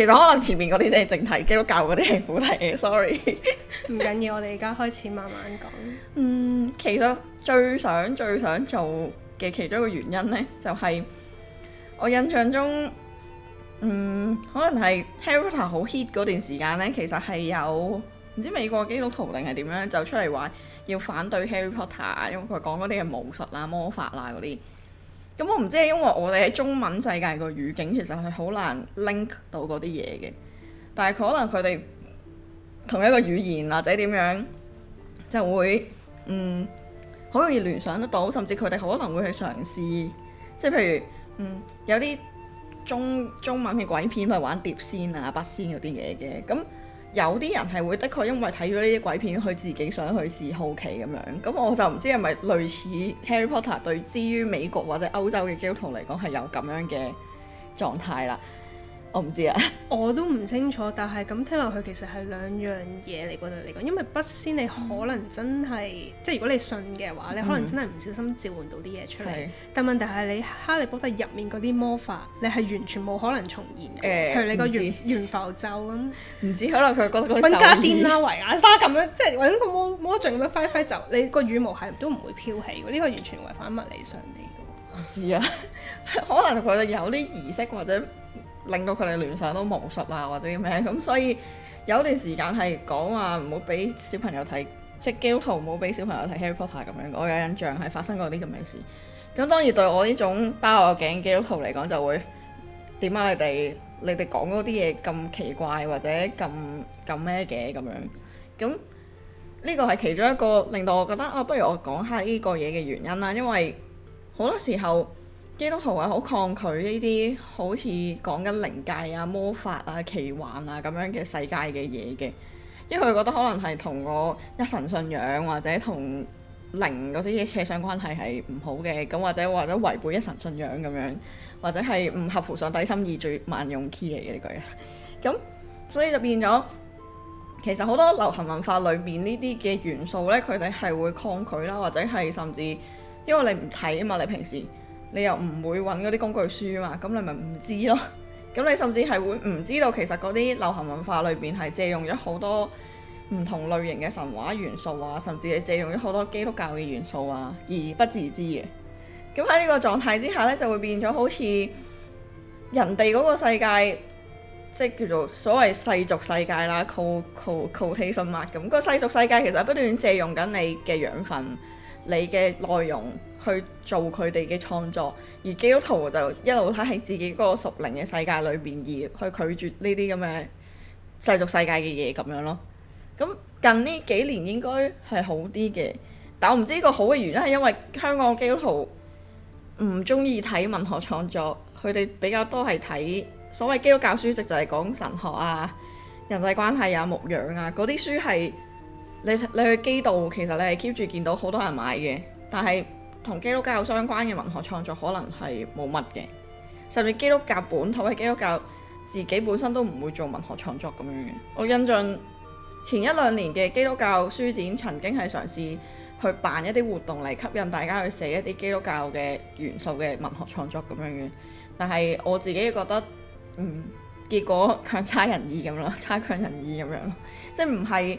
其實可能前面嗰啲先係正題，基督教嗰啲係副題，sorry。唔緊要，我哋而家開始慢慢講。嗯，其實最想最想做嘅其中一個原因咧，就係我印象中，嗯，可能係《Harry Potter》好 hit 嗰段時間咧，其實係有唔知美國基督徒定係點樣，就出嚟話要反對《Harry Potter》，因為佢講嗰啲嘅巫術啊、魔法啦嗰啲。咁我唔知係因為我哋喺中文世界個語境其實係好難 link 到嗰啲嘢嘅，但係可能佢哋同一個語言或者點樣就會嗯，好容易聯想得到，甚至佢哋可能會去嘗試，即係譬如，嗯有啲中中文嘅鬼片咪玩碟仙啊、筆仙嗰啲嘢嘅，咁、嗯。有啲人係會，的確因為睇咗呢啲鬼片，佢自己想去試，好奇咁樣。咁我就唔知係咪類似 Harry Potter 對之於美國或者歐洲嘅基督徒嚟講係有咁樣嘅狀態啦。我唔知啊，我都唔清楚，但係咁聽落去其實係兩樣嘢嚟。覺得嚟講，因為筆仙你可能真係、嗯、即係如果你信嘅話，你可能真係唔小心召喚到啲嘢出嚟。嗯、但問題係你哈利波特入面嗰啲魔法，你係完全冇可能重現嘅，欸、譬如你個懸浮咒咁。唔知可能佢覺得揾加電啦，維亞莎咁樣即係揾個魔魔杖咁樣揮揮就，你個羽毛係都唔會飄起喎。呢、呢個完全違反物理上嚟嘅。我唔知啊，可能佢哋有啲儀式或者。令到佢哋聯想都魔術啦，或者咩咁，所以有段時間係講話唔好俾小朋友睇，即基督徒唔好俾小朋友睇 Harry Potter 咁樣。我有印象係發生過啲咁嘅事。咁當然對我呢種包我頸基督徒嚟講就會點解、啊、你哋你哋講嗰啲嘢咁奇怪或者咁咁咩嘅咁樣。咁呢個係其中一個令到我覺得啊，不如我講下呢個嘢嘅原因啦，因為好多時候。基督徒係好抗拒呢啲好似講緊靈界啊、魔法啊、奇幻啊咁樣嘅世界嘅嘢嘅，因為佢覺得可能係同我一神信仰或者同靈嗰啲嘢扯上關係係唔好嘅，咁或者或者違背一神信仰咁樣，或者係唔合乎上帝心意最萬用 key 嚟嘅呢句。咁所以就變咗，其實好多流行文化裏邊呢啲嘅元素咧，佢哋係會抗拒啦，或者係甚至因為你唔睇啊嘛，你平時。你又唔會揾嗰啲工具書嘛，咁你咪唔知咯。咁你甚至係會唔知道其實嗰啲流行文化裏邊係借用咗好多唔同類型嘅神話元素啊，甚至係借用咗好多基督教嘅元素啊，而不自知嘅。咁喺呢個狀態之下呢，就會變咗好似人哋嗰個世界，即係叫做所謂世俗世界啦，靠靠靠天信物咁。個世俗世界其實不斷借用緊你嘅養分。你嘅內容去做佢哋嘅創作，而基督徒就一路睇喺自己個屬靈嘅世界裏邊，而去拒絕呢啲咁嘅世俗世界嘅嘢咁樣咯。咁近呢幾年應該係好啲嘅，但我唔知呢個好嘅原因係因為香港基督徒唔中意睇文學創作，佢哋比較多係睇所謂基督教書籍，就係、是、講神學啊、人際關係啊、牧養啊嗰啲書係。你你去基道，其實你係 keep 住見到好多人買嘅，但係同基督教相關嘅文學創作可能係冇乜嘅，甚至基督教本土嘅基督教自己本身都唔會做文學創作咁樣嘅。我印象前一兩年嘅基督教書展曾經係嘗試去辦一啲活動嚟吸引大家去寫一啲基督教嘅元素嘅文學創作咁樣嘅，但係我自己覺得，嗯，結果強差人意咁咯，差強人意咁樣咯，即係唔係。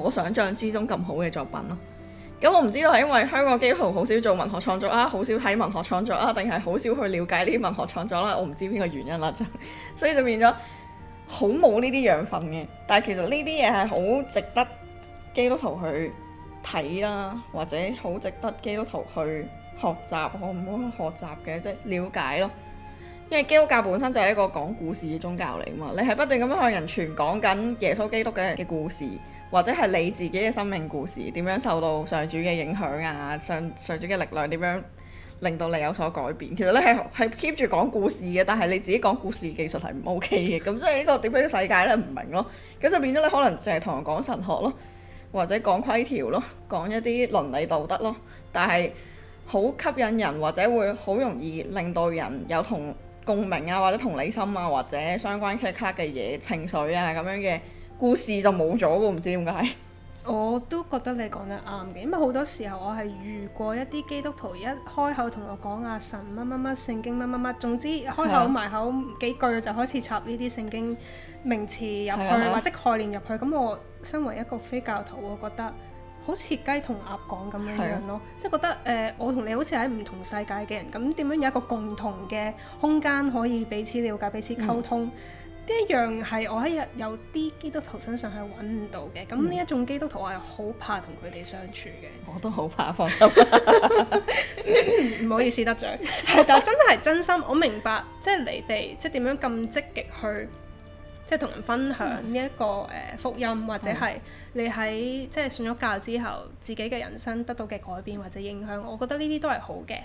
我想象之中咁好嘅作品咯。咁我唔知道係因為香港基督徒好少做文學創作啊，好少睇文學創作啊，定係好少去了解呢啲文學創作啦。我唔知邊個原因啦，就所以就變咗好冇呢啲養分嘅。但係其實呢啲嘢係好值得基督徒去睇啦，或者好值得基督徒去學習，可唔可以學習嘅即係了解咯。因為基督教本身就係一個講故事嘅宗教嚟㗎嘛，你係不斷咁樣向人傳講緊耶穌基督嘅嘅故事。或者係你自己嘅生命故事點樣受到上主嘅影響啊？上上主嘅力量點樣令到你有所改變？其實你係係 keep 住講故事嘅，但係你自己講故事技術係唔 OK 嘅，咁即係呢個點樣嘅世界咧，唔明咯，咁就變咗你可能成日同人講神學咯，或者講規條咯，講一啲倫理道德咯，但係好吸引人或者會好容易令到人有同共鳴啊，或者同理心啊，或者相關卡 e 嘅嘢情緒啊咁樣嘅。故事就冇咗喎，唔知點解。我都覺得你講得啱嘅，因為好多時候我係遇過一啲基督徒一開口同我講阿神乜乜乜聖經乜乜乜，總之開口的埋口幾句就開始插呢啲聖經名詞入去或者概念入去，咁我身為一個非教徒，我覺得好似雞同鴨講咁樣樣咯，的即係覺得誒、呃、我同你好似喺唔同世界嘅人，咁點樣有一個共同嘅空間可以彼此了解彼此溝通？嗯。呢一樣係我喺有啲基督徒身上係揾唔到嘅，咁呢一種基督徒我係好怕同佢哋相處嘅。我都好怕放心，唔 好意思得罪。但真係真心，我明白即係、就是、你哋即係點樣咁積極去即係同人分享呢一個誒福音，嗯、或者係你喺即係信咗教之後自己嘅人生得到嘅改變或者影響，我覺得呢啲都係好嘅。係、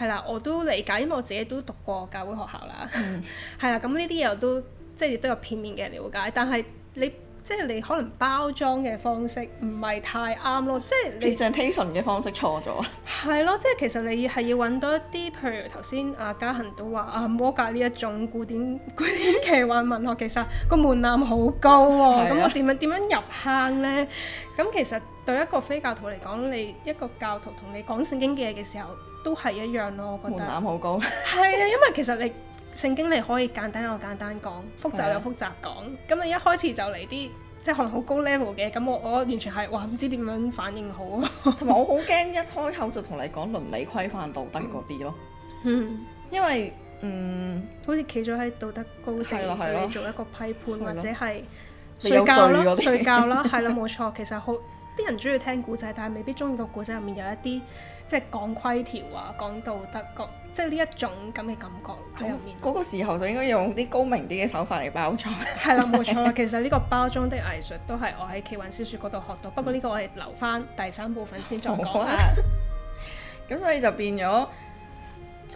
嗯、啦，我都理解，因為我自己都讀過教會學校啦。係、嗯、啦，咁呢啲嘢我都。即係亦都有片面嘅了解，但係你即係你可能包裝嘅方式唔係太啱咯，即係你 presentation 嘅方式錯咗。係 咯，即係其實你係要揾到一啲，譬如頭先阿嘉恒都話啊，魔戒呢一種古典古典奇幻文學其實個門檻好高喎，咁、 啊、我點樣點樣入坑呢？咁其實對一個非教徒嚟講，你一個教徒同你講聖經嘅嘢嘅時候都係一樣咯，我覺得。門檻好高。係 啊，因為其實你。聖經你可以簡單又簡單講，複雜又複雜講。咁你了一開始就嚟啲即係可能好高 level 嘅，咁我我完全係哇唔知點樣反應好。同埋 我好驚一開口就同你講倫理規範道德嗰啲咯，嗯。嗯，因為嗯，好似企咗喺道德高地對你做一個批判的或者係，睡覺啦，睡覺啦，係啦冇錯， 其實好。啲人中意聽故仔，但係未必中意個故仔入面有一啲即係講規條啊、講道德、局，即係呢一種咁嘅感覺喺入面。嗰、那個時候就應該用啲高明啲嘅手法嚟包裝。係啦， 冇錯啦。 其實呢個包裝的藝術都係我喺奇幻小說嗰度學到，嗯、不過呢個我係留翻第三部分先再講啦。咁所以就變咗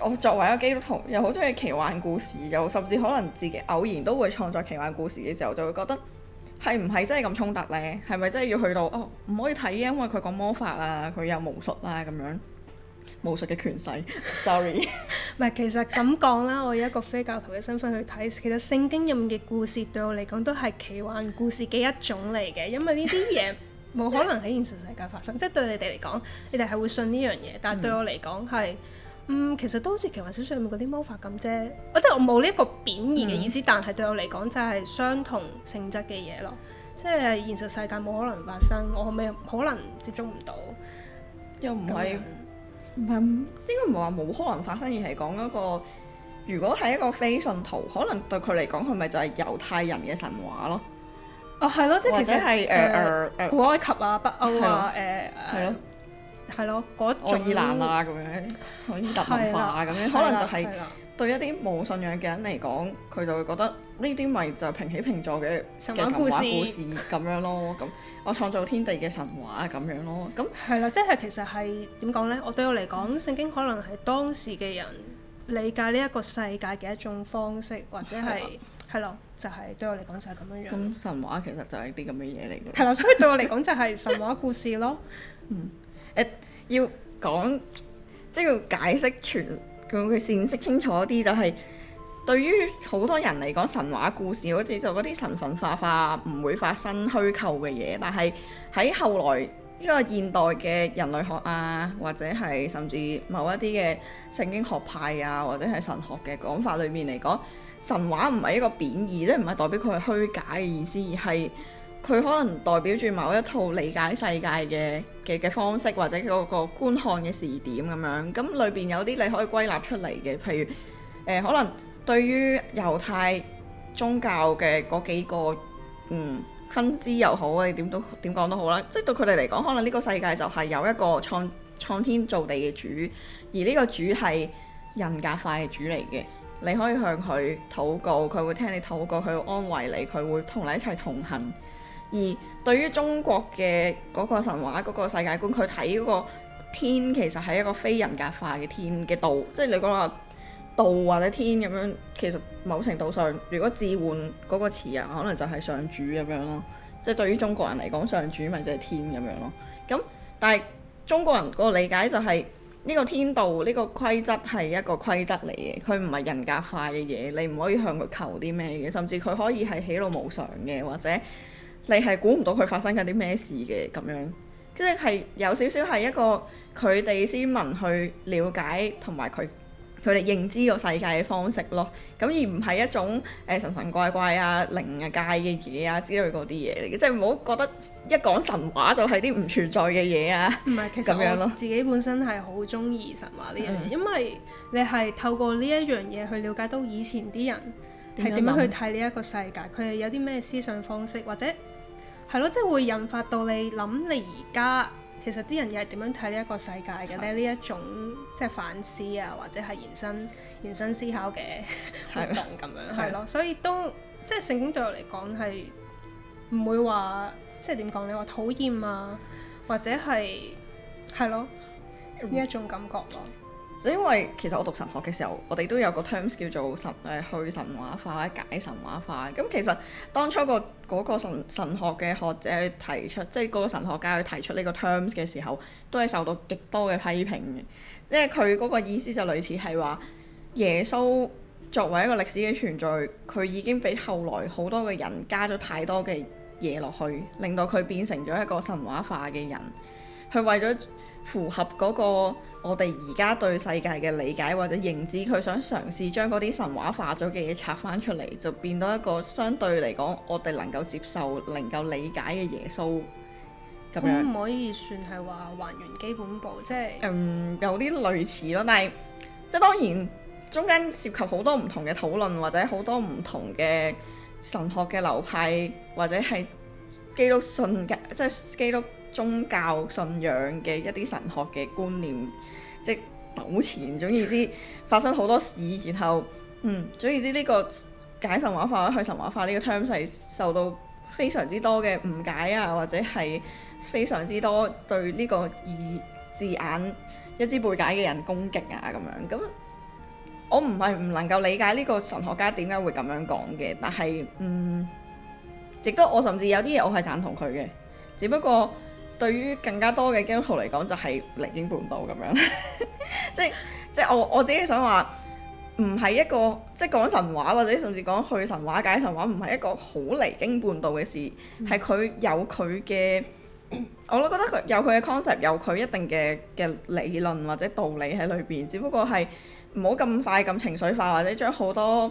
我作為一個基督徒，又好中意奇幻故事，又甚至可能自己偶然都會創作奇幻故事嘅時候，就會覺得。係唔係真係咁衝突呢？係咪真係要去到哦？唔可以睇，因為佢講魔法啊，佢有巫術啊咁樣。巫術嘅權勢，sorry。唔係，其實咁講啦，我以一個非教徒嘅身份去睇，其實聖經入面嘅故事對我嚟講都係奇幻故事嘅一種嚟嘅，因為呢啲嘢冇可能喺現實世界發生。即係 對你哋嚟講，你哋係會信呢樣嘢，但係對我嚟講係。嗯嗯，其實都好似奇幻小説入面嗰啲魔法咁啫。即我即係我冇呢一個貶義嘅意思，嗯、但係對我嚟講就係相同性質嘅嘢咯。即係現實世界冇可能發生，我可唔可能接觸唔到。又唔係唔係，應該唔係話冇可能發生，而係講嗰個如果係一個非信徒，可能對佢嚟講，佢咪就係猶太人嘅神話咯。哦、啊，係咯，即係或者係誒誒古埃及啊、北歐啊誒誒。係咯，嗰啲愛爾蘭啊咁樣，凱爾特文化咁樣，的可能就係對一啲冇信仰嘅人嚟講，佢就會覺得呢啲咪就係平起平坐嘅神話故事咁 樣咯。咁我創造天地嘅神話咁樣咯。咁係啦，即係其實係點講咧？我對我嚟講，嗯、聖經可能係當時嘅人理解呢一個世界嘅一種方式，或者係係咯，就係、是、對我嚟講就係咁樣。咁神話其實就係啲咁嘅嘢嚟嘅。係啦，所以對我嚟講就係神話故事咯。 嗯。要講，即係要解釋全，叫佢線識清楚一啲。就係、是、對於好多人嚟講，神話故事好似就嗰啲神神化化唔會發生虛構嘅嘢。但係喺後來呢、這個現代嘅人類學啊，或者係甚至某一啲嘅聖經學派啊，或者係神學嘅講法裏面嚟講，神話唔係一個貶義，即係唔係代表佢係虛假嘅意思，而係。佢可能代表住某一套理解世界嘅嘅嘅方式，或者嗰個觀看嘅時點咁樣，咁裏邊有啲你可以歸納出嚟嘅，譬如誒、呃、可能對於猶太宗教嘅嗰幾個嗯分支又好，啊，點都點講都好啦，即係對佢哋嚟講可能呢個世界就係有一個創創天造地嘅主，而呢個主係人格化嘅主嚟嘅。你可以向佢禱告，佢會聽你禱告，佢會安慰你，佢會同你一齊同行。而對於中國嘅嗰個神話嗰個世界觀，佢睇嗰個天其實係一個非人格化嘅天嘅道，即係你講話道或者天咁樣，其實某程度上，如果置換嗰個詞啊，可能就係上主咁樣咯。即係對於中國人嚟講上主咪就係天咁樣咯。咁但係中國人個理解就係呢個天道呢個規則係一個規則嚟嘅，佢唔係人格化嘅嘢，你唔可以向佢求啲咩嘅，甚至佢可以係喜怒無常嘅，或者。你係估唔到佢發生緊啲咩事嘅咁樣，即係係有少少係一個佢哋先民去了解同埋佢佢哋認知個世界嘅方式咯。咁而唔係一種誒、呃、神神怪怪啊、靈啊界嘅嘢啊之類嗰啲嘢嚟嘅，即係唔好覺得一講神話就係啲唔存在嘅嘢啊。唔係，其實我咁樣咯自己本身係好中意神話呢樣嘢，嗯、因為你係透過呢一樣嘢去了解到以前啲人係點樣，樣去睇呢一個世界，佢係有啲咩思想方式或者。係咯，即係、 就是、會引發到你諗，你而家其實啲人又係點樣睇呢一個世界嘅咧？呢一吧種即係反思啊，或者係延伸延伸思考嘅活動咁樣。係咯，所以都即係聖經對我嚟講係唔會話即係點講你話討厭啊，或者係係咯呢一種感覺咯。嗯。因為其實我讀神學嘅時候，我哋都有個 terms 叫做神誒去神話化或者解神話化。咁其實當初個嗰個神神學嘅學者提出，即係嗰個神學家去提出呢個 terms 嘅時候，都係受到極多嘅批評嘅。即係佢嗰個意思就類似係話，耶穌作為一個歷史嘅存在，佢已經俾後來好多嘅人加咗太多嘅嘢落去，令到佢變成咗一個神話化嘅人，佢為咗符合嗰個我哋而家對世界嘅理解或者認知，佢想嘗試將嗰啲神話化咗嘅嘢拆翻出嚟，就變到一個相對嚟講，我哋能夠接受、能夠理解嘅耶穌，咁樣唔可以算係話還原基本步，即係嗯有啲類似咯，但係即係當然中間涉及好多唔同嘅討論或者好多唔同嘅神學嘅流派或者係基督信即係基督。宗教信仰嘅一啲神學嘅觀念，即係糾纏，總言之發生好多事，然後嗯，總言之呢個解神話化去神話化呢個 term 係受到非常之多嘅誤解啊，或者係非常之多對呢個個字眼一知半解嘅人攻擊啊咁樣，咁我唔係唔能夠理解呢個神學家點解會咁樣講嘅，但係嗯，亦都我甚至有啲嘢我係贊同佢嘅，只不過。對於更加多嘅基督徒嚟講，就係、是、離經叛道咁樣， 即即我我自己想話，唔係一個即講神話或者甚至講去神話解神話，唔係一個好離經叛道嘅事，係佢、嗯、有佢嘅，我都覺得佢有佢嘅 concept，有佢一定嘅嘅理論或者道理喺裏邊，只不過係唔好咁快咁情緒化，或者將好多，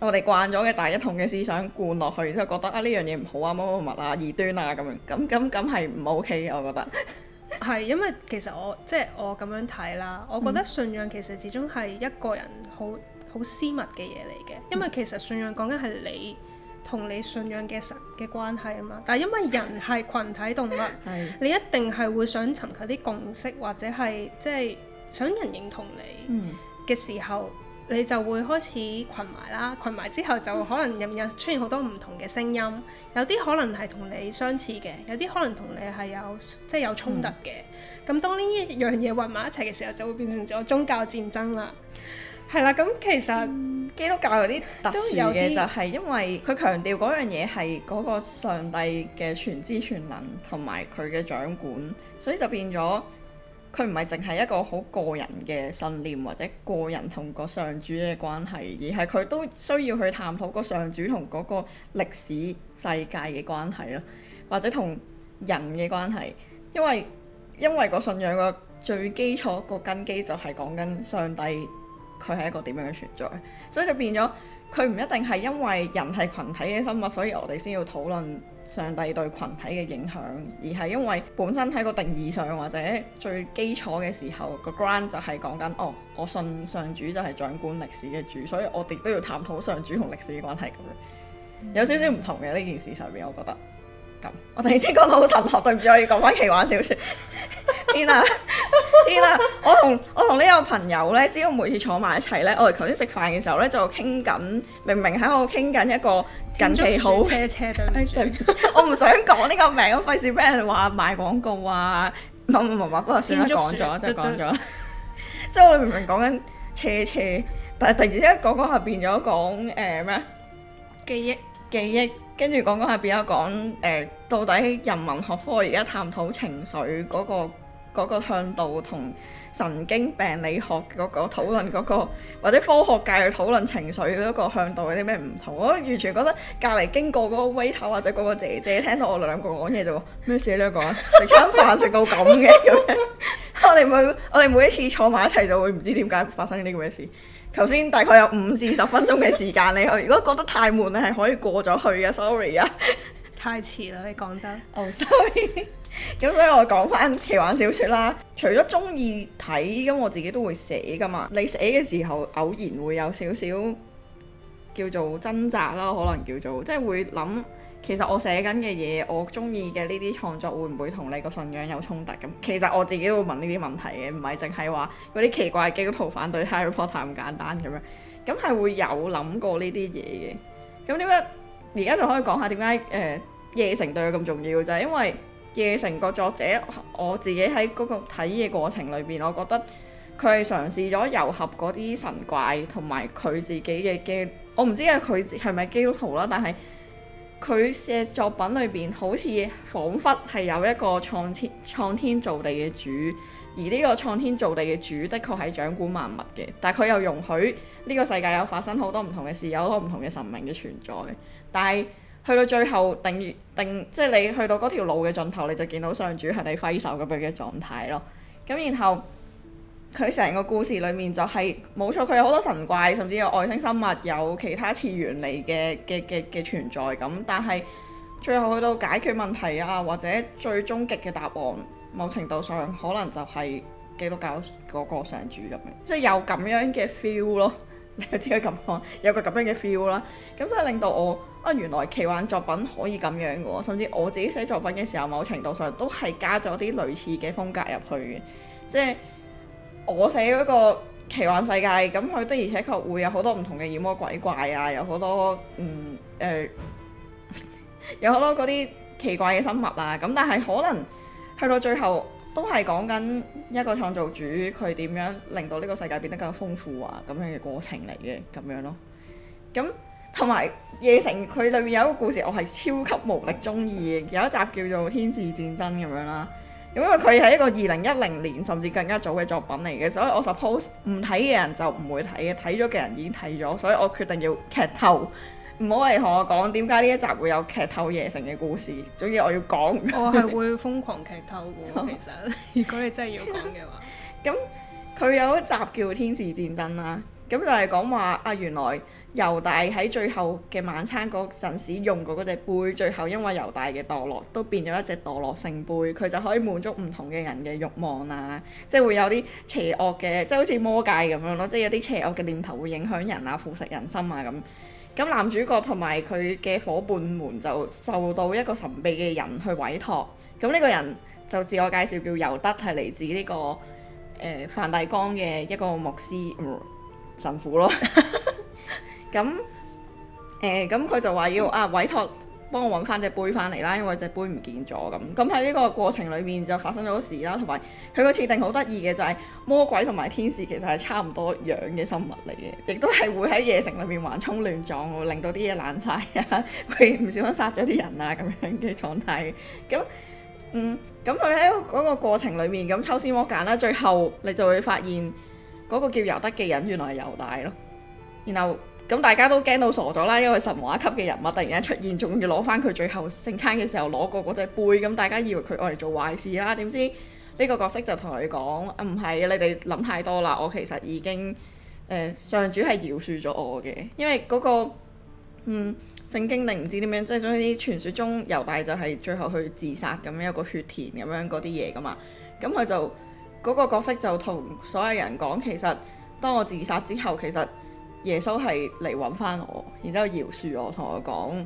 我哋慣咗嘅大一統嘅思想灌落去，之後覺得啊，呢樣嘢唔好啊，乜乜物啊，異端啊咁樣，咁咁咁係唔 OK 嘅我覺得 。係因為其實我即係我咁樣睇啦，嗯、我覺得信仰其實始終係一個人好好私密嘅嘢嚟嘅，因為其實信仰講緊係你同你信仰嘅神嘅關係啊嘛。但係因為人係群體動物， 是你一定係會想尋求啲共識或者係即係想人認同你嘅時候。嗯你就會開始群埋啦，群埋之後就可能入面有出現好多唔同嘅聲音，嗯、有啲可能係同你相似嘅，有啲可能同你係有即係、就是、有衝突嘅。咁、嗯、當呢一樣嘢混埋一齊嘅時候，就會變成咗宗教戰爭啦。係啦、嗯，咁其實、嗯、基督教有啲特殊嘅就係因為佢強調嗰樣嘢係嗰個上帝嘅全知全能同埋佢嘅掌管，所以就變咗。佢唔係淨係一個好個人嘅信念，或者個人同個上主嘅關係，而係佢都需要去探討個上主同嗰個歷史世界嘅關係咯，或者同人嘅關係。因為因為個信仰嘅最基礎，個根基就係講緊上帝，佢係一個點樣嘅存在，所以就變咗佢唔一定係因為人係群體嘅生物，所以我哋先要討論，上帝對群體嘅影響，而係因為本身喺個定義上或者最基礎嘅時候， 個 ground 就係講緊哦，我信上主就係掌管歷史嘅主，所以我哋都要探討上主同歷史嘅關係咁樣。嗯、有少少唔同嘅呢件事上面，我覺得咁 我頭先講到好神學， 對唔住，我要講翻奇幻小説。 天啊天啊！我同我同呢個朋友咧，只要每次坐埋一齊咧，我哋頭先食飯嘅時候咧就傾緊，明明喺度傾緊一個近期好，建築車車，對唔住啦，我唔想講呢個名，我費事俾人話賣廣告啊！唔唔唔唔，不過算啦，講咗就講咗，即係 我哋明明講緊車車，但係突然之間講講下變咗講誒咩？記憶記憶。跟住講講下邊一講誒、欸，到底人文學科而家探討情緒嗰、嗰個嗰個向度，同神經病理學嗰、嗰個討論嗰、嗰個或者科學界去討論情緒嗰個向度有啲咩唔同？我完全覺得隔離經過嗰個威頭或者嗰個姐姐聽到我兩個講嘢就話咩 事？你兩個食餐飯食到咁嘅咁樣。 我哋每一次坐埋一齊就會唔知點解發生呢啲咁嘅事。頭先大概有五至十分鐘嘅時間你去，如果覺得太悶你係可以過咗去嘅。嗯、Sorry 啊，太遲啦，你講得。 哦，sorry。咁所以我講翻奇幻小說啦。除咗中意睇，咁我自己都會寫噶嘛。你寫嘅時候偶然會有少少叫做掙扎啦，可能叫做即係會諗。其實我寫緊嘅嘢，我中意嘅呢啲創作會唔會同你個信仰有衝突咁？其實我自己都會問呢啲問題嘅，唔係淨係話嗰啲奇怪嘅基督徒反對 Harry Potter 咁簡單咁樣。咁係會有諗過呢啲嘢嘅。咁點解而家就可以講下點解誒夜城對佢咁重要？就係因為夜城個作者我自己喺嗰個睇嘢過程裏邊，我覺得佢係嘗試咗揉合嗰啲神怪同埋佢自己嘅基，我唔知係佢係咪基督徒啦，但係。佢寫作品裏邊好似仿佛係有一個創天創天造地嘅主，而呢個創天造地嘅主的確係掌管萬物嘅，但係佢又容許呢個世界有發生好多唔同嘅事，有好多唔同嘅神明嘅存在。但係去到最後，定定即係你去到嗰條路嘅盡頭，你就見到上主係你揮手咁樣嘅狀態咯。咁然後。佢成個故事裏面就係、是、冇錯，佢有好多神怪，甚至有外星生物，有其他次元嚟嘅嘅嘅嘅存在咁。但係最後去到解決問題啊，或者最終極嘅答案，某程度上可能就係基督教嗰個上主咁樣，即係有咁樣嘅 feel 咯。你自己咁講有個咁樣嘅 feel 啦。咁所以令到我啊，原來奇幻作品可以咁樣嘅，甚至我自己寫作品嘅時候，某程度上都係加咗啲類似嘅風格入去嘅，即係。我寫嗰個奇幻世界，咁佢的而且確會有好多唔同嘅妖魔鬼怪啊，有好多嗯誒，呃、 有好多嗰啲奇怪嘅生物啊。咁但係可能去到最後都係講緊一個創造主佢點樣令到呢個世界變得更加豐富啊，咁樣嘅過程嚟嘅咁樣咯。咁同埋夜城佢裏面有一個故事，我係超級無力中意，嘅，有一集叫做《天使戰爭》咁樣啦。因為佢係一個二零一零年甚至更加早嘅作品嚟嘅，所以我 suppose 唔睇嘅人就唔會睇嘅，睇咗嘅人已經睇咗，所以我決定要劇透。唔好係同我講點解呢一集會有劇透《夜城》嘅故事，總之我要講。 我係會瘋狂劇透喎，其實， 如果你真係要講嘅話。咁佢 有一集叫《天使戰爭》啦，咁就係講話啊原來。猶大喺最後嘅晚餐嗰陣時用過嗰隻杯，最後因為猶大嘅墮落，都變咗一隻墮落聖杯，佢就可以滿足唔同嘅人嘅慾望啊，即係會有啲邪惡嘅，即係好似魔戒咁樣咯，即係有啲邪惡嘅念頭會影響人啊，腐蝕人心啊咁。咁男主角同埋佢嘅伙伴們就受到一個神秘嘅人去委託，咁呢個人就自我介紹叫尤德，係嚟自呢、呢個誒梵、呃、蒂岡嘅一個牧師、呃、神父咯。 咁誒，咁佢就話要啊，委託幫我揾翻隻杯翻嚟啦，因為隻杯唔見咗咁。咁喺呢個過程裏面就發生咗啲事啦，同埋佢個設定好得意嘅就係魔鬼同埋天使其實係差唔多樣嘅生物嚟嘅，亦都係會喺夜城裏面橫衝亂撞，令到啲嘢爛晒，啊，會唔少咁殺咗啲人啊咁樣嘅狀態。咁嗯，咁佢喺嗰個過程裏面咁抽絲剝繭啦，最後你就會發現嗰個叫尤德嘅人原來係猶大咯，然後。咁大家都驚到傻咗啦，因為神話級嘅人物突然間出現，仲要攞翻佢最後聖餐嘅時候攞過嗰隻杯，咁大家以為佢愛嚟做壞事啦，點知呢個角色就同佢講：啊，唔係，你哋諗太多啦，我其實已經誒上主係饒恕咗我嘅，因為嗰個嗯聖經定唔知點樣，即係總之傳説中猶大就係最後去自殺咁樣一個血田咁樣嗰啲嘢噶嘛，咁佢就嗰個角色就同所有人講，其實當我自殺之後，其實。耶穌係嚟揾翻我，然之後饒恕我，同我講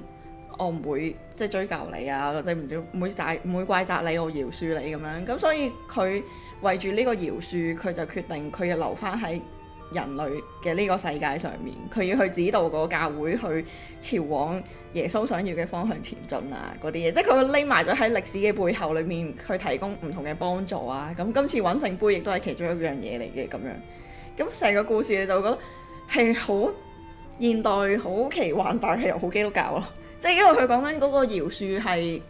我唔會即係追究你啊，或者唔會責唔會怪責你，我饒恕你咁樣。咁所以佢為住呢個饒恕，佢就決定佢要留翻喺人類嘅呢個世界上面，佢要去指導個教會去朝往耶穌想要嘅方向前進啊嗰啲嘢，即係佢匿埋咗喺歷史嘅背後裏面去提供唔同嘅幫助啊。咁今次揾聖杯亦都係其中一樣嘢嚟嘅咁樣。咁成個故事你就會覺得。係好現代、好奇幻，但係又好基督教咯。即 係因為佢講緊嗰個饒恕係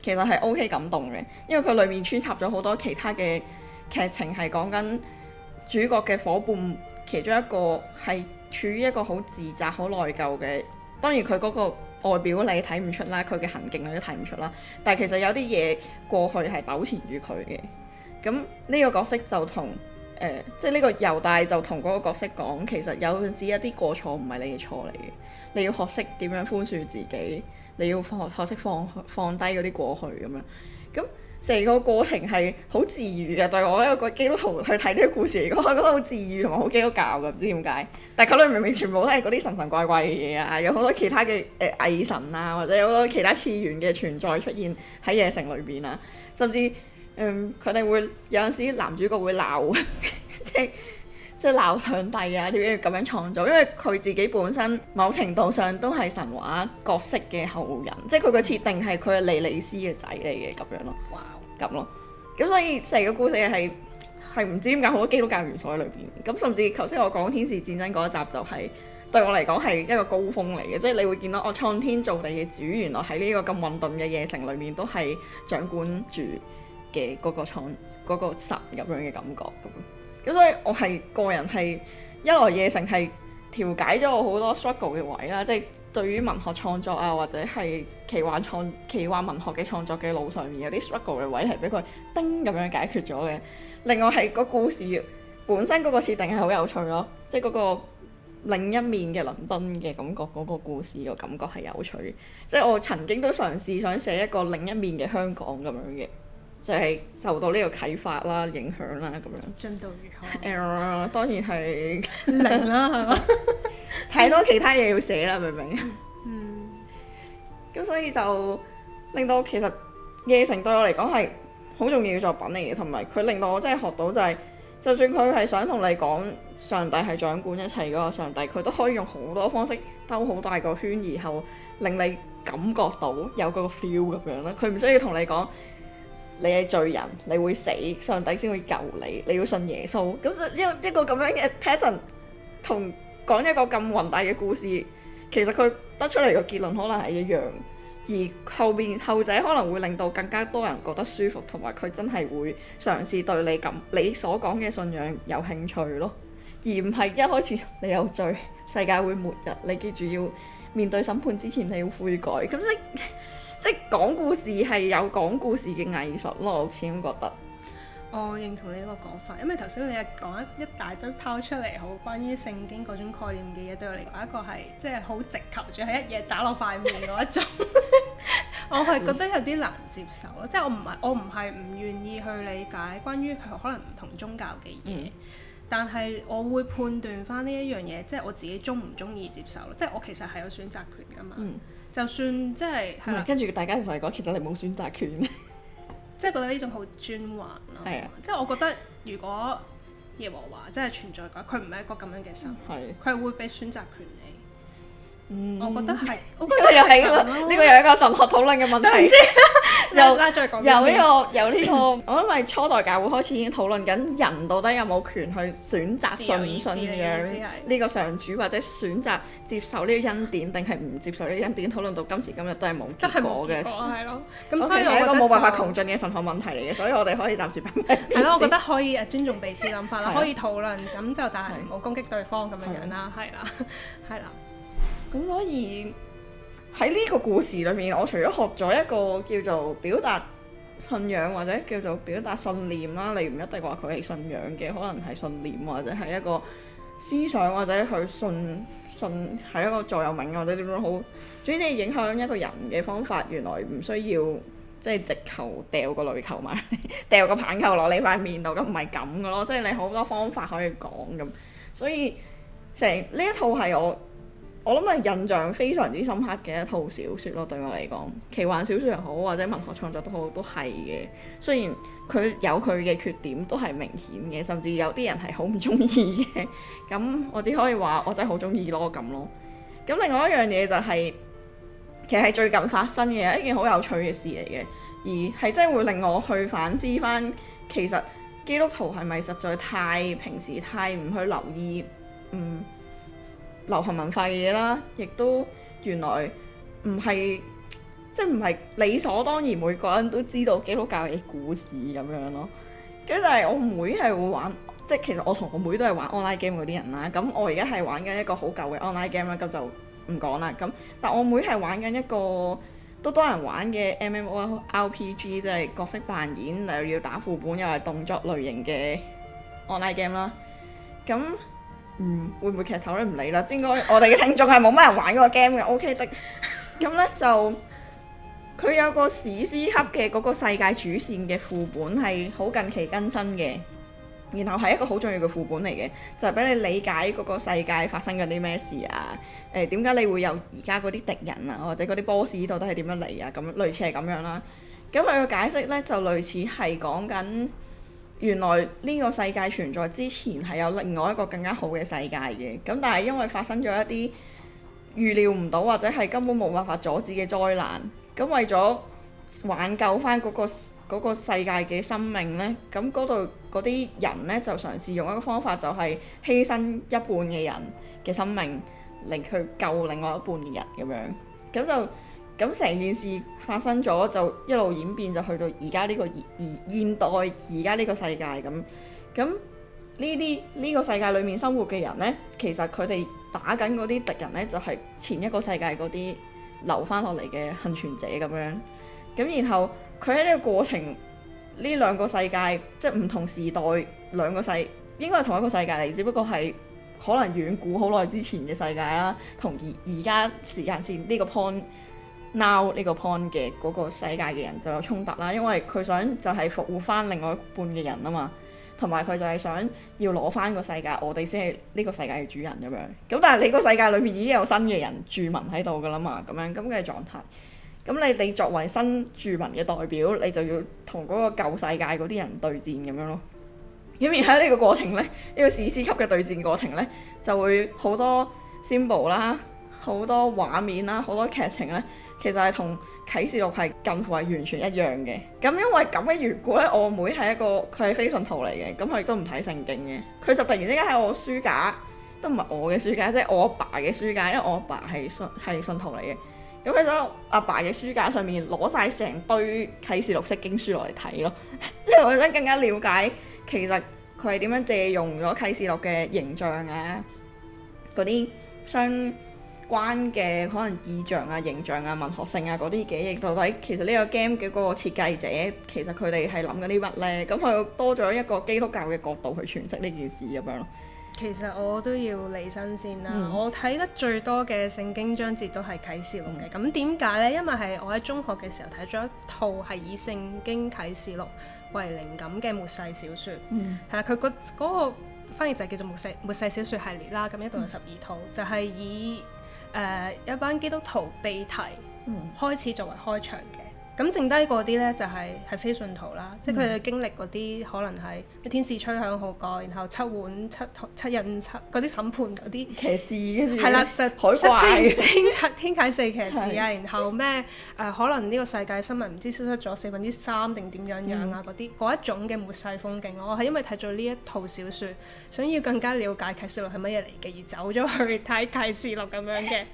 其實係 O K 感動嘅，因為佢裏面穿插咗好多其他嘅劇情，係講緊主角嘅伙伴，其中一個係處於一個好自責、好內疚嘅。當然佢嗰個外表你睇唔出啦，佢嘅行徑你都睇唔出啦。但係其實有啲嘢過去係糾纏住佢嘅。咁呢個角色就同。誒、呃，即係呢個猶大就同嗰個角色講，其實有陣時一啲過錯唔係你嘅錯嚟嘅，你要學識點樣寬恕自己，你要放學識放放低嗰啲過去咁樣。咁成個過程係好治癒嘅，對我一個基督徒去睇呢個故事嚟講，我覺得好治癒同埋好基督教㗎，唔知點解。但係佢裏面明明全部都係嗰啲神神怪怪嘅嘢啊，有好多其他嘅誒偽神啊，或者有好多其他次元嘅存在出現喺夜城裏邊啊，甚至～嗯，佢哋會有陣時男主角會鬧， 即係即係鬧上帝啊！點解要咁樣創造？因為佢自己本身某程度上都係神話角色嘅後人，即係佢嘅設定係佢係莉莉斯嘅仔嚟嘅咁樣咯，咁咯 Wow.。咁所以成個故事係係唔知點解好多基督教元素喺裏邊。咁甚至頭先我講天使戰爭嗰一集就係、是、對我嚟講係一個高峰嚟嘅，即係你會見到我創天造地嘅主，原來喺呢個咁混沌嘅夜城裏面都係掌管住。嘅嗰個創、嗰個、神咁樣嘅感覺咁，咁所以我係個人係《一來夜城》係調解咗我好多 struggle 嘅位啦，即、就、係、是、對於文學創作啊或者係奇幻創奇幻文學嘅創作嘅路上面有啲 struggle 嘅位係俾佢叮咁樣解決咗嘅。另外係個故事本身嗰個設定係好有趣咯，即係嗰個另一面嘅倫敦嘅感覺嗰、嗰個故事嘅感覺係有趣，即、就、係、是、我曾經都嘗試想寫一個另一面嘅香港咁樣嘅。就係受到呢個啟發啦、影響啦咁樣。進度如何？誒，當然係零啦，係 嘛？太 多其他嘢要寫啦，明唔明？嗯。咁 所以就令到其實《夜城》對我嚟講係好重要嘅作品嚟嘅，同埋佢令到我真係學到就係、是，就算佢係想同你講上帝係掌管一切嗰個上帝，佢都可以用好多方式兜好大個圈，然後令你感覺到有嗰個 feel 咁樣啦。佢唔需要同你講。你係罪人，你會死，上帝先會救你，你要信耶穌。咁就一一個咁樣嘅 pattern，同講一個咁宏大嘅故事，其實佢得出嚟嘅結論可能係一樣。而後面後者可能會令到更加多人覺得舒服，同埋佢真係會嘗試對你咁你所講嘅信仰有興趣咯。而唔係一開始你有罪，世界會末日，你記住要面對審判之前你要悔改。咁即即係講故事係有講故事嘅藝術咯，我始終覺得。我認同你呢個講法，因為頭先你係講一一大堆拋出嚟好關於聖經嗰種概念嘅嘢，對我嚟講一個係即係好直球，仲係一嘢打落塊面嗰一種。 我係覺得有啲難接受咯，mm. 即係我唔係我唔係唔願意去理解關於可能唔同宗教嘅嘢，mm. 但係我會判斷返呢一樣嘢，即係我自己鍾唔鍾意接受咯。即係我其實係有選擇權㗎嘛。Mm. 就算即係，係、嗯、啦跟住大家同你講，其實你冇選擇權，即係覺得呢種好專橫咯。係 是啊，即係我覺得，如果耶和華真係存在嘅話，佢唔係一個咁樣嘅神，佢是會俾選擇權你。嗯，我覺得係，嗯、我覺得又係呢個，呢 個又係一個神學討論嘅問題。不 又再有有呢個由呢個，呢個、 我因係初代教會開始已經討論緊人到底有冇權去選擇信唔信仰呢個上主，或者選擇接受呢個恩典定係唔接受呢個恩典，討論到今時今日都係冇結果嘅。係咯，咁 所以 okay, 我覺得一個冇辦法窮盡嘅神學問題嚟嘅， 所以我哋可以暫時停。係咯， 我覺得可以誒尊重彼此諗法啦， 可以討論，咁就但係唔好攻擊對方咁樣樣啦，係啦，係 啦，咁所以。 喺呢個故事裏面，我除咗學咗一個叫做表達信仰或者叫做表達信念啦，你唔一定話佢係信仰嘅，可能係信念或者係一個思想或者去信信係一個座右銘啊，或者點樣好，總之你影響一個人嘅方法原來唔需要即係、就是、直球掉個女球埋，掉個棒球落你塊面度，咁唔係咁嘅咯，即、就、係、是、你好多方法可以講咁，所以成呢一套係我。我諗係印象非常之深刻嘅一套小説咯，對我嚟講，奇幻小説又好，或者文學創作都好，都係嘅。雖然佢有佢嘅缺點，都係明顯嘅，甚至有啲人係好唔中意嘅。咁我只可以話，我真係好中意咯，咁咯。咁另外一樣嘢就係，其實係最近發生嘅一件好有趣嘅事嚟嘅，而係真係會令我去反思翻，其實基督徒係咪實在太平時太唔去留意，嗯？流行文化嘅嘢啦，亦都原來唔係，即係唔係理所當然每個人都知道基督教嘅故事咁樣咯。跟住就係我妹係會玩，即係其實我同我妹都係玩 online game 嗰啲人啦。咁我而家係玩緊一個好舊嘅 online game 啦，咁就唔講啦。咁但係我妹係玩緊一個都多人玩嘅 MMORPG，即係角色扮演又要打副本又係動作類型嘅 online game 啦。咁嗯，會唔會劇透咧？唔理啦，應該 我哋嘅聽眾係冇乜人玩嗰個 game 嘅。O K 的，咁咧 OK 的 就佢有個史詩級嘅嗰個世界主線嘅副本係好近期更新嘅，然後係一個好重要嘅副本嚟嘅，就係、俾你理解嗰個世界發生緊啲咩事啊？誒、呃，點解你會有而家嗰啲敵人啊，或者嗰啲 boss 到底係點樣嚟啊？咁類似係咁樣啦。咁佢嘅解釋咧就類似係講緊。原來呢個世界存在之前係有另外一個更加好嘅世界嘅，咁但係因為發生咗一啲預料唔到或者係根本冇辦法阻止嘅災難，咁為咗挽救翻嗰個嗰個世界嘅生命呢，咁嗰度嗰啲人呢，就嘗試用一個方法，就係犧牲一半嘅人嘅生命嚟去救另外一半嘅人咁樣，咁就。咁成件事發生咗，就一路演變，就去到而家呢個現代現代而家呢個世界咁。咁呢啲呢個世界裏面生活嘅人呢，其實佢哋打緊嗰啲敵人呢，就係前一個世界嗰啲留翻落嚟嘅幸存者咁樣。咁然後佢喺呢個過程，呢兩個世界即係唔同時代兩個世，應該係同一個世界嚟，只不過係可能遠古好耐之前嘅世界啦，同而而家時間線呢個 point。Now 呢個 point 嘅嗰個世界嘅人就有衝突啦，因為佢想就係復活翻另外一半嘅人啊嘛，同埋佢就係想要攞翻個世界，我哋先係呢個世界嘅主人咁樣。咁但係你個世界裏面已經有新嘅人住民喺度㗎啦嘛，咁樣咁嘅狀態。咁你你作為新住民嘅代表，你就要同嗰個舊世界嗰啲人對戰咁樣咯。咁而喺呢個過程呢，呢個史詩級嘅對戰過程呢，就會好多 symbol 啦，好多畫面啦，好多劇情呢。其實係同啟示錄係近乎係完全一樣嘅，咁因為咁嘅緣故咧，我妹係一個佢係非信徒嚟嘅，咁佢亦都唔睇聖經嘅，佢就突然之間喺我書架，都唔係我嘅書架，即係我阿爸嘅書架，因為我阿爸係信係信徒嚟嘅，咁佢就阿爸嘅書架上面攞晒成堆啟示錄式經書落嚟睇咯，即 係我想更加了解其實佢係點樣借用咗啟示錄嘅形象啊嗰啲相。些關嘅可能意象啊、形象啊、文學性啊嗰啲嘢，亦到底其實呢個 game 嘅個設計者其實佢哋係諗緊啲乜呢。咁佢多咗一個基督教嘅角度去詮釋呢件事咁樣。其實我都要理身先啦，嗯、我睇得最多嘅聖經章節都係啟示錄嘅。咁點解呢？因為係我喺中學嘅時候睇咗一套係以聖經啟示錄為靈感嘅末世小説，係啦、嗯，佢、嗰個嗰、嗰個翻譯就叫做末世末世小説系列啦。咁呢度有十二套，嗯、就係以誒、uh, 一班基督徒被提、嗯、開始作為開場嘅。咁剩低嗰啲呢，就係係非信徒啦，即係佢哋經歷嗰啲可能係咩天使吹響號角，然後七碗七七印七嗰啲審判嗰啲騎士已經係啦，就海怪天啓天啓四騎士啊，然後咩誒可能呢個世界生命唔知消失咗四分之三定點樣樣啊嗰啲嗰一種嘅末世風景咯。我係因為睇咗呢一套小說，想要更加了解啟示錄係乜嘢嚟嘅，而走咗去睇啟示錄咁樣嘅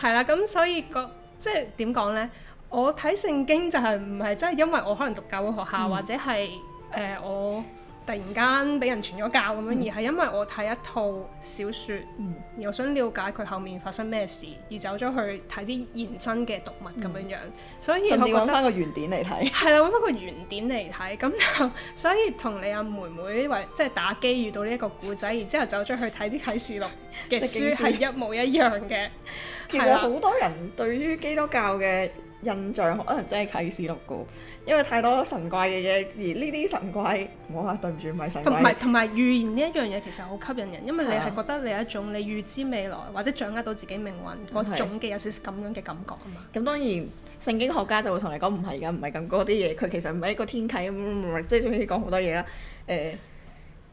係啦。咁所以個即係點講呢？我睇聖經就係唔係真係因為我可能讀教會學校，嗯、或者係誒我突然間俾人傳咗教咁樣，嗯、而係因為我睇一套小説，然後、嗯、想了解佢後面發生咩事，而走咗去睇啲現身嘅讀物咁樣，嗯、樣，所以我甚至揾翻個原點嚟睇。係啦，揾翻個原點嚟睇，咁就所以同你阿妹妹話即係打機遇到呢一個故仔，然之後走咗去睇啲啟示錄嘅書係一模一樣嘅。其實好多人對於基督教嘅。 印象可能真係啟示錄個。因為太多神怪嘅嘢，而呢啲神怪，我係，對唔住，唔係神怪。同埋同埋預言呢一樣嘢其實好吸引人，因為你係覺得你有一種你預知未來或者掌握到自己命運嗰種嘅有少少咁樣嘅感覺啊嘛。咁當然聖經學家就會同你講唔係㗎，唔係咁嗰啲嘢，佢其實唔係一個天啟，即係總之講好多嘢啦。誒，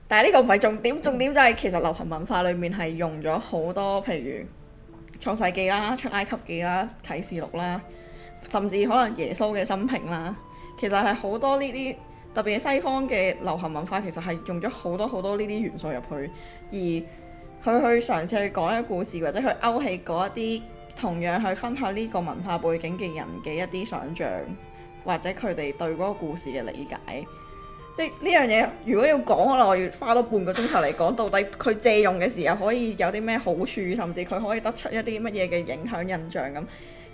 但係呢個唔係重點，重點就係其實流行文化裡面係用咗好多譬如《創世記》啦、《出埃及記》啦、《啟示錄》啦。甚至可能耶穌嘅生平啦，其實係好多呢啲特別西方嘅流行文化，其實係用咗好多好多呢啲元素入去，而佢去嘗試去講一個故事，或者去勾起嗰一啲同樣去分享呢個文化背景嘅人嘅一啲想像，或者佢哋對嗰個故事嘅理解。即係呢樣嘢，如果要講，可能我要花多半個鐘頭嚟講，到底佢借用嘅時候可以有啲咩好處，甚至佢可以得出一啲乜嘢嘅影響印象咁。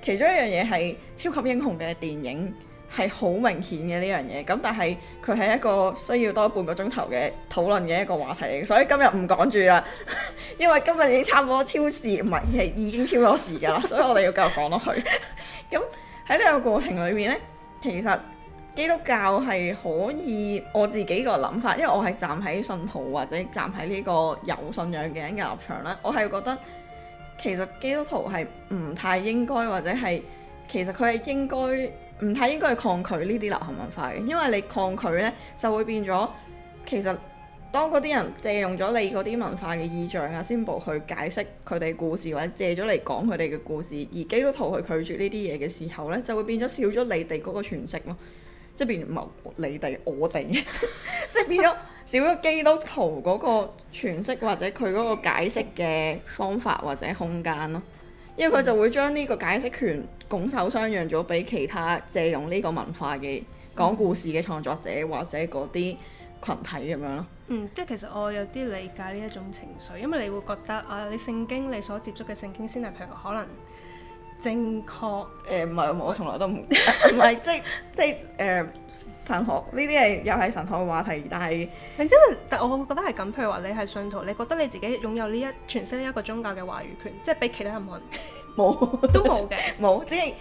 其中一樣嘢係超級英雄嘅電影係好明顯嘅呢樣嘢，咁但係佢係一個需要多半個鐘頭嘅討論嘅一個話題嚟，所以今日唔講住啦，因為今日已經差唔多超時，唔係係已經超咗時間啦，所以我哋要繼續講落去。咁喺呢個過程裏面呢，其實基督教係可以我自己個諗法，因為我係站喺信徒或者站喺呢個有信仰嘅人嘅立場咧，我係覺得。其實基督徒係唔太應該或者係，其實佢係應該唔太應該去抗拒呢啲流行文化嘅，因為你抗拒咧就會變咗，其實當嗰啲人借用咗你嗰啲文化嘅意象啊、宣佈去解釋佢哋故事或者借咗嚟講佢哋嘅故事，而基督徒去拒絕呢啲嘢嘅時候咧，就會變咗少咗你哋嗰個傳承咯，即係變唔係「你哋我哋」 即，即係變咗。少咗基督徒嗰個詮釋或者佢嗰個解釋嘅方法或者空間咯，因為佢就會將呢個解釋權拱手相讓咗俾其他借用呢個文化嘅講故事嘅創作者或者嗰啲群體咁樣咯。嗯，即係其實我有啲理解呢一種情緒，因為你會覺得啊，你聖經你所接觸嘅聖經先係譬如可能。正確，誒唔係我從來都唔，唔係即係即係，誒、呃、神學呢啲係又係神學嘅話題，但係真係，但係我覺得係咁。譬如話你係信徒，你覺得你自己擁有呢一詮釋呢一個宗教嘅話語權，即係比其他任何人冇 都冇嘅冇，即係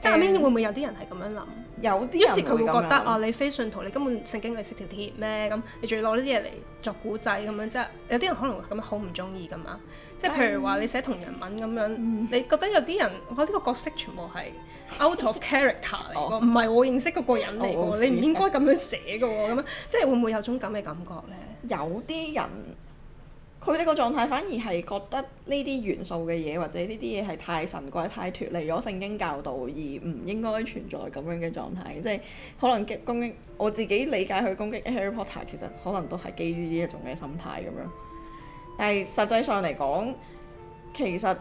即係是後、嗯、面會唔會有啲人係咁樣諗？有，啲，於是佢會覺得會啊，你非信徒，你根本聖經你識條鐵咩？咁你仲要攞呢啲嘢嚟作古仔咁樣啫。即係有啲人可能會咁樣好唔中意噶嘛。即係譬如話你寫同人文咁樣，嗯、你覺得有啲人我覺得呢個角色全部係 out of character 嚟㗎，唔係 我認識嗰個人嚟㗎， 你唔應該咁樣寫㗎喎。咁樣即係會唔會有種咁嘅感覺咧？有啲人。佢呢個狀態反而係覺得呢啲元素嘅嘢或者呢啲嘢係太神怪、太脫離咗聖經教導而唔應該存在咁樣嘅狀態，即係可能激攻擊我自己理解去攻擊 Harry Potter 其實可能都係基於呢一種嘅心態咁樣。但係實際上嚟講，其實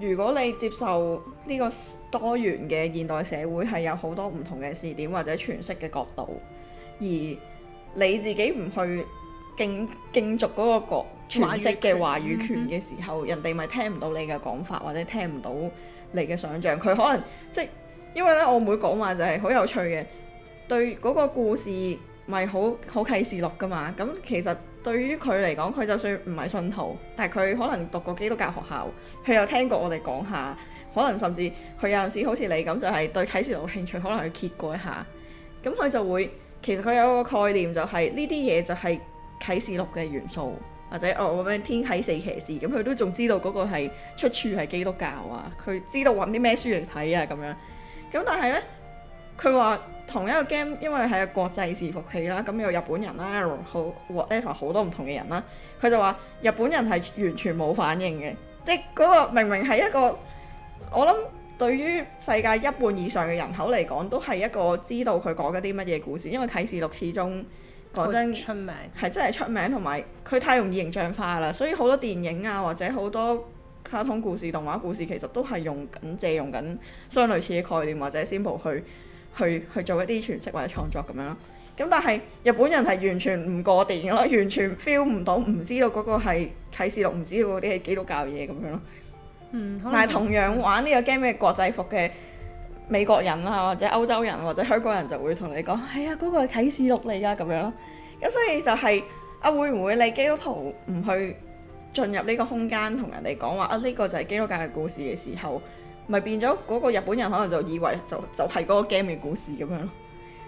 如果你接受呢個多元嘅現代社會係有好多唔同嘅視點或者詮釋嘅角度，而你自己唔去。競競逐嗰個詮釋嘅話語權嘅時候，嗯嗯、人哋咪聽唔到你嘅講法，或者聽唔到你嘅想像。佢可能即因為咧，我每次講話就係好有趣嘅。對嗰個故事咪好好啟示錄㗎嘛。咁其實對於佢嚟講，佢就算唔係信徒，但係佢可能讀過基督教學校，佢又聽過我哋講下，可能甚至佢有陣時好似你咁，就係對啟示錄興趣，可能去揭過一下。咁佢就會其實佢有一個概念就係呢啲嘢就係、是。啟示錄嘅元素，或者哦咩天啟四騎士，咁佢都仲知道嗰個係出處係基督教啊，佢知道揾啲咩書嚟睇啊咁樣。咁但係呢，佢話同一個 game 因為係個國際伺服器啦，咁有日本人啦，好 whatever 好多唔同嘅人啦，佢就話日本人係完全冇反應嘅，即係嗰個明明係一個，我諗對於世界一半以上嘅人口嚟講，都係一個知道佢講緊啲乜嘢故事，因為啟示錄始終。講真出名係真係出名，同埋佢太容易形象化啦，所以好多電影啊或者好多卡通故事、動畫故事其實都係用緊、借用緊相類似嘅概念或者 simple 去去去做一啲詮釋或者創作咁樣咯。咁但係日本人係完全唔過電影咯，完全 feel 唔到，唔知道嗰個係啟示錄，唔知道嗰啲係基督教嘢咁樣咯。嗯，但係同樣玩呢個 game 嘅國際服嘅。美國人啊，或者歐洲人或者香港人就會同你講：係啊、哎，嗰、嗰個係啟示錄嚟㗎咁樣咯。咁所以就係、是、啊，會唔會你基督徒唔去進入呢個空間同人哋講話啊？呢、呢個就係基督教嘅故事嘅時候，咪變咗嗰個日本人可能就以為就就係個 game 嘅故事咁樣咯。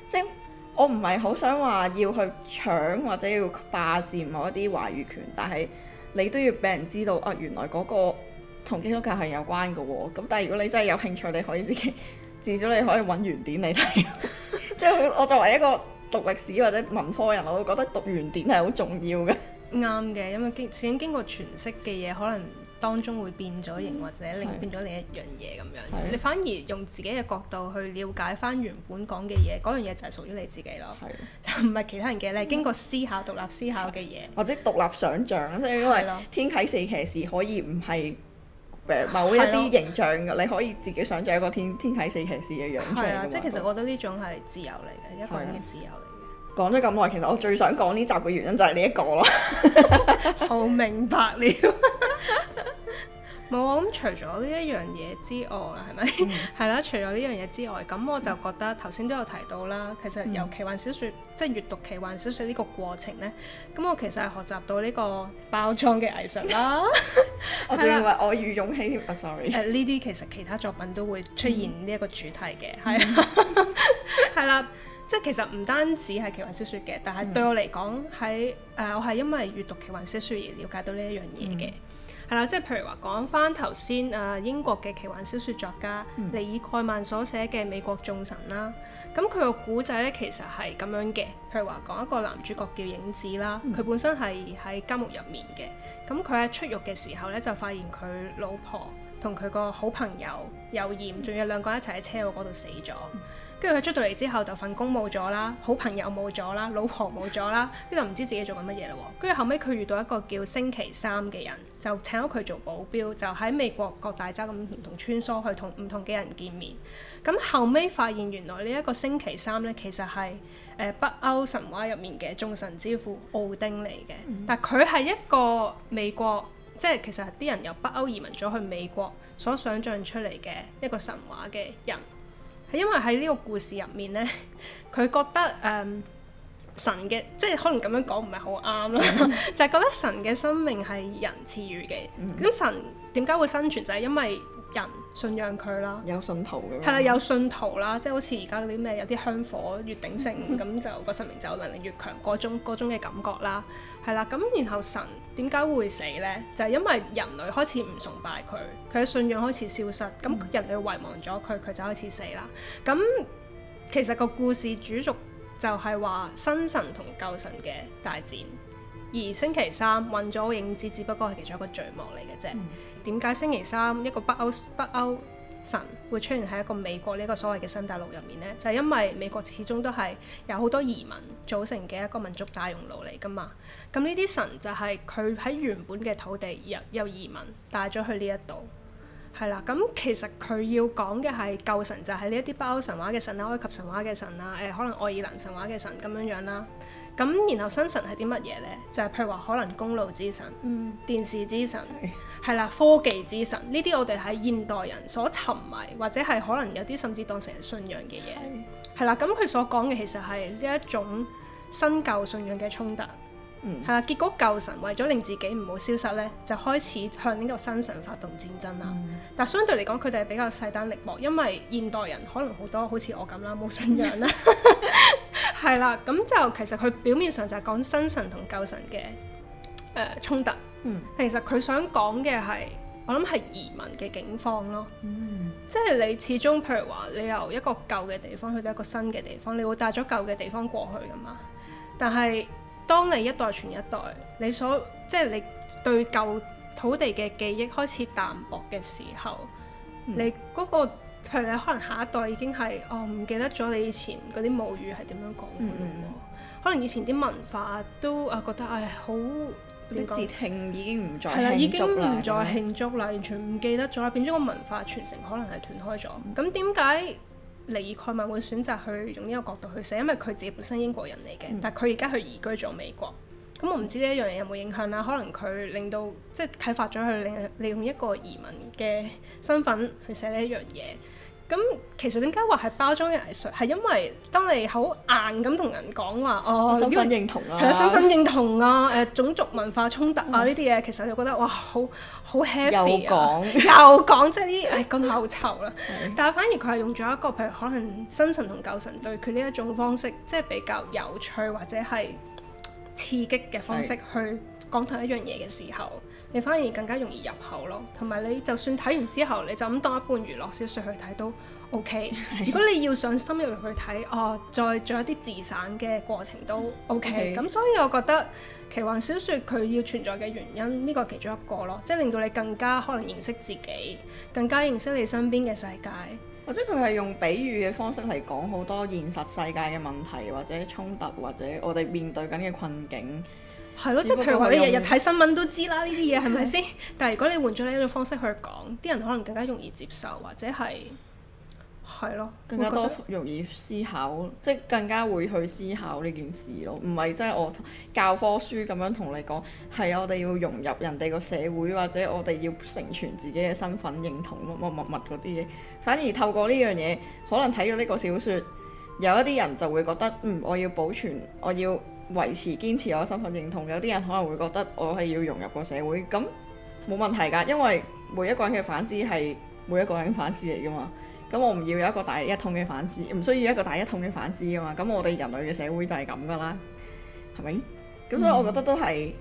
即、就是、我唔係好想話要去搶或者要霸佔某一啲話語權，但係你都要俾人知道啊，原來嗰個同基督教係有關㗎喎。咁但係如果你真係有興趣，你可以自己。 至少你可以揾原典嚟睇，即係我作為一個讀歷史或者文科人，我會覺得讀原典係好重要嘅。啱嘅，因為經先經過詮釋嘅嘢，可能當中會變咗形，或者令變咗另一樣嘢咁樣。的你反而用自己嘅角度去了解翻原本講嘅嘢，嗰樣嘢就係屬於你自己咯，的就唔係其他人嘅咧。經過思考、 獨立思考嘅嘢，或者獨立想像，即係因為天啟四騎士可以唔係。某一啲形象，嘅你可以自己想像一個天天啟四騎士嘅樣出嚟。係啊，即係其實我覺得呢種係自由嚟嘅，一個人嘅自由嚟嘅。講咗咁耐，其實我最想講呢集嘅原因就係呢一個咯。 好明白了。 冇啊！咁除咗呢一樣嘢之外，係咪、嗯？係啦，除咗呢樣嘢之外，咁我就覺得頭先都有提到啦。嗯、其實由奇幻小説，即係閱讀奇幻小説呢個過程咧，咁我其實係學習到呢個包裝嘅藝術啦。 我仲以為我與勇氣啊，sorry。呢啲、啊、其實其他作品都會出現呢一個主題嘅，係啦，係啦，即係其實唔單止係奇幻小説嘅，但係對我嚟講，喺誒、嗯呃，我係因為閱讀奇幻小説而了解到呢一樣嘢嘅。嗯係啦，即係譬如話講翻頭先誒英國嘅奇幻小說作家尼爾蓋曼所寫嘅《美國眾神》啦，咁佢個古仔咧其實係咁樣嘅，譬如話講一個男主角叫影子啦，佢、嗯、本身係喺監獄入面嘅，咁佢喺出獄嘅時候咧就發現佢老婆同佢個好朋友有染，仲、嗯、有兩個一齊喺車禍嗰度死咗。嗯跟住佢出到嚟之後，就份工冇咗啦，好朋友冇咗啦，老婆冇咗啦，跟住唔知自己做緊乜嘢啦。跟住後尾，佢遇到一個叫星期三嘅人，就請咗佢做保鏢，就喺美國各大洲咁同穿梭去同唔同嘅人見面。咁後尾發現原來呢一個星期三呢，其實係北歐神話入面嘅眾神之父奧丁嚟嘅。嗯、但佢係一個美國，即係其實啲人由北歐移民咗去美國所想像出嚟嘅一個神話嘅人。因為喺呢個故事入面咧，佢覺得誒、嗯、神嘅即係可能咁樣講唔係好啱啦，嗯、 就係覺得神嘅生命係人賜予嘅。咁、嗯、神點解會生存就係、是、因為，人信仰佢啦，有信徒嘅，係啦有信徒啦，即係好似而家啲咩有啲香火越鼎盛，咁 就個神明就能力越強，嗰種嗰種嘅感覺啦，係啦，咁然後神點解會死呢？就係、是、因為人類開始唔崇拜佢，佢嘅信仰開始消失，咁、嗯、人類遺忘咗佢，佢就開始死啦。咁其實個故事主軸就係話新神同舊神嘅大戰。而星期三運咗我影子，只不過係其中一個序幕嚟嘅啫。點解、嗯、星期三一個北歐北歐神會出現喺一個美國呢一個所謂嘅新大陸入面呢？就係、因為美國始終都係有好多移民組成嘅一個民族大熔爐嚟㗎嘛。咁呢啲神就係佢喺原本嘅土地入有，有移民帶咗去呢一度，係啦。咁其實佢要講嘅係舊神，就係呢一啲北歐神話嘅神啦、啊，埃及神話嘅神啦、啊，誒、呃、可能愛爾蘭神話嘅神咁樣樣、啊、啦。咁然後新神係啲乜嘢呢？就係、是、譬如話可能公路之神、嗯、電視之神，係啦對科技之神，呢啲我哋喺現代人所沉迷或者係可能有啲甚至當成係信仰嘅嘢，係啦對。咁佢所講嘅其實係呢一種新舊信仰嘅衝突。嗯，係啦。結果舊神為咗令自己唔好消失咧，就開始向呢個新神發動戰爭啦。嗯、但相對嚟講，佢哋係比較勢單力薄，因為現代人可能好多好似我咁啦，冇信仰啦。係啦、嗯，咁 就其實佢表面上就係講新神同舊神嘅誒、呃、衝突。嗯，其實佢想講嘅係，我諗係移民嘅境況咯。嗯、即係你始終譬如話，你由一個舊嘅地方去到一個新嘅地方，你會帶咗舊嘅地方過去噶嘛？但係當你一代傳一代，你所即係你對舊土地嘅記憶開始淡薄嘅時候，嗯、你嗰、嗰個你可能下一代已經係哦唔記得咗你以前嗰啲母語係點樣講嘅嘞喎，嗯嗯，可能以前啲文化都啊覺得唉，好啲節慶已經唔再係啦、啊，已經唔再慶祝啦，啊、完全唔記得咗，變咗個文化傳承可能係斷開咗。咁點解尼爾蓋曼會選擇去用呢個角度去寫，因為佢自己本身英國人嚟嘅，嗯、但係佢而家去移居咗美國。咁我唔知呢一樣嘢有冇影響啦，可能佢令到即係啟發咗佢，利用利用一個移民嘅身份去寫呢一樣嘢。咁其實點解話係包裝嘅藝術？係因為當你好硬咁同人講話，哦，身份認同啊。係咯，身份認同啊，誒、啊呃，種族文化衝突啊，呢啲嘢其實就覺得哇，好好 happy 啊，又講又講，即係啲誒講得好臭啦，就是嗯、但係反而佢係用咗一個譬如可能新神同舊神對決呢一種方式，即係比較有趣或者係刺激嘅方式去、嗯。講同一樣嘢嘅時候，你反而更加容易入口咯。同埋你就算睇完之後，你就咁當一本娛樂小說去睇都 OK。 如果你要想深入去睇，哦，再做一啲自省嘅過程都 OK。咁 Okay. 所以我覺得奇幻小說佢要存在嘅原因，呢個係其中一個咯，即係令到你更加可能認識自己，更加認識你身邊嘅世界。或者佢係用比喻嘅方式嚟講好多現實世界嘅問題，或者衝突，或者我哋面對緊嘅困境。係咯，即係譬如話你日日睇新聞都知啦呢啲嘢係咪先？但係如果你換咗呢一種方式去講，啲人可能更加容易接受，或者係係咯，更加多容易思考，即係更加會去思考呢件事咯。唔係即係我教科書咁樣同你講，係我哋要融入人哋個社會，或者我哋要成全自己嘅身份認同乜乜乜乜嗰啲嘢。反而透過呢樣嘢，可能睇咗呢個小説，有一啲人就會覺得，嗯，我要保存，我要。維持堅持我身份認同，有啲人可能會覺得我係要融入個社會，咁冇問題㗎，因為每一個人嘅反思係每一個人嘅反思嚟㗎嘛。咁我唔要有一個大一統嘅反思，唔需要有一個大一統嘅反思㗎嘛。咁我哋人類嘅社會就係咁㗎啦，係咪？咁、嗯、所以我覺得都係。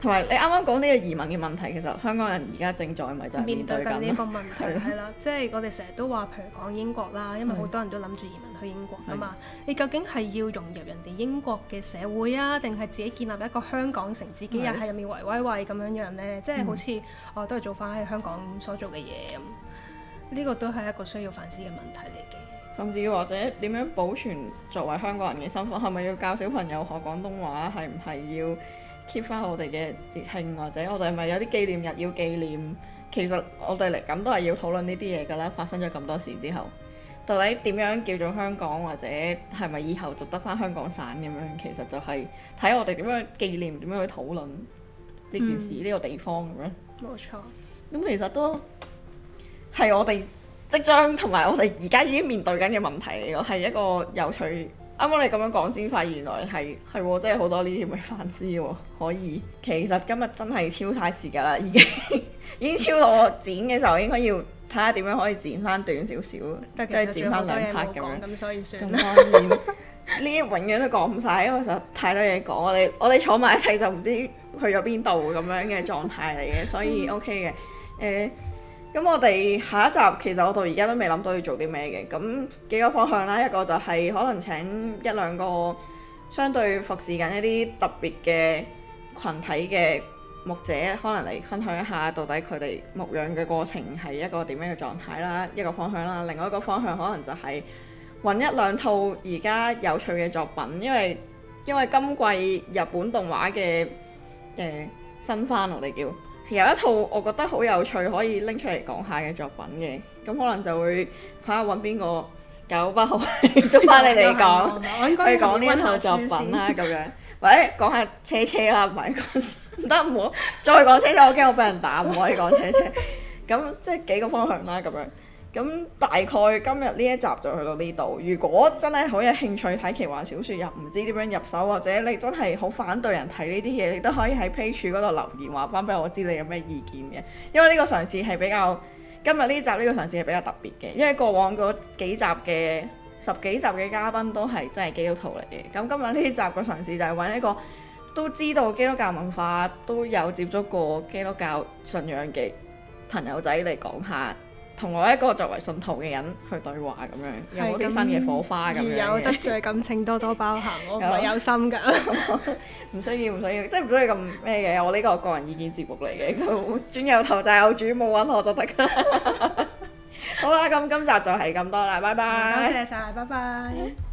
同埋你啱啱講呢個移民嘅問題，其實香港人而家正在咪就面對緊。面對緊呢個問題，係啦 了，即係、就是、我哋成日都話，譬如講英國啦，因為好多人都諗住移民去英國啊嘛。對你究竟係要融入人哋英國嘅社會啊，定係自己建立一個香港城，自己又係入面維威威咁樣樣呢？即、就、係、是、好似我、嗯哦、都係做翻喺香港所做嘅嘢咁。呢、嗯這個都係一個需要反思嘅問題嚟嘅。甚至或者點樣保存作為香港人嘅身份？係咪要教小朋友學廣東話？係唔係要？keep 翻我哋嘅節慶或者我哋係咪有啲紀念日要紀念，其實我哋嚟緊都係要討論呢啲嘢㗎啦。發生咗咁多事之後，到底點樣叫做香港或者係咪以後就得翻香港省？咁樣，其實就係睇我哋點樣紀念、點樣去討論呢件事、呢、嗯、個地方咁樣。冇錯，咁其實都係我哋即將同埋我哋而家已經面對緊嘅問題嚟㗎，係一個有趣。啱啱你咁樣講先，發原來係係喎，真係好多呢啲咪反思喎，可以。其實今日真係超晒時㗎啦，已經已經超過我剪嘅時候，應該要睇下點樣可以剪翻短少少，即係其剪翻兩 p 咁 r t 咁樣。咁當然呢啲永遠都講唔晒，因為實太多嘢講。我哋我哋坐埋一齊就唔知去咗邊度咁樣嘅狀態嚟嘅，所以 OK 嘅誒。 嗯咁我哋下一集其實我到而家都未諗到要做啲咩嘅，咁幾個方向啦，一個就係可能請一兩個相對服侍緊一啲特別嘅群體嘅牧者，可能嚟分享一下到底佢哋牧養嘅過程係一個點樣嘅狀態啦，一個方向啦，另外一個方向可能就係揾一兩套而家有趣嘅作品，因為因為今季日本動畫嘅呃新番落、啊、嚟叫。有一套我覺得好有趣，可以拎出嚟講下嘅作品嘅，咁可能就會睇下揾邊個搞唔好捉翻你嚟講，去講呢一套作品啦咁樣。喂，講下車車啦，唔係講唔得，唔好再講車車， 車我驚我俾人打，唔可以講車車。咁即係幾個方向啦咁樣。咁大概今日呢一集就去到呢度。如果真係好有興趣睇奇幻小說，又唔知點樣入手，或者你真係好反對人睇呢啲嘢，你都可以喺 Page 嗰度留言話翻俾我知你有咩意見嘅。因為呢個嘗試係比較，今日呢集呢個嘗試係比較特別嘅，因為過往嗰幾集嘅十幾集嘅嘉賓都係真係基督徒嚟嘅。咁今日呢集個嘗試就係揾一個都知道基督教文化，都有接觸過基督教信仰嘅朋友仔嚟講下。同我一個作為信徒嘅人去對話咁樣，的樣，有冇啲新嘅火花咁樣，有得罪，咁請多多包涵，我唔係有心㗎。唔 需要，唔需要，即係唔需要咁咩嘅。我呢個個人意見節目嚟嘅，都冤有頭債有主，冇揾我就得㗎。 好啦，咁今集就係咁多啦，拜拜。多、嗯、謝曬，拜拜。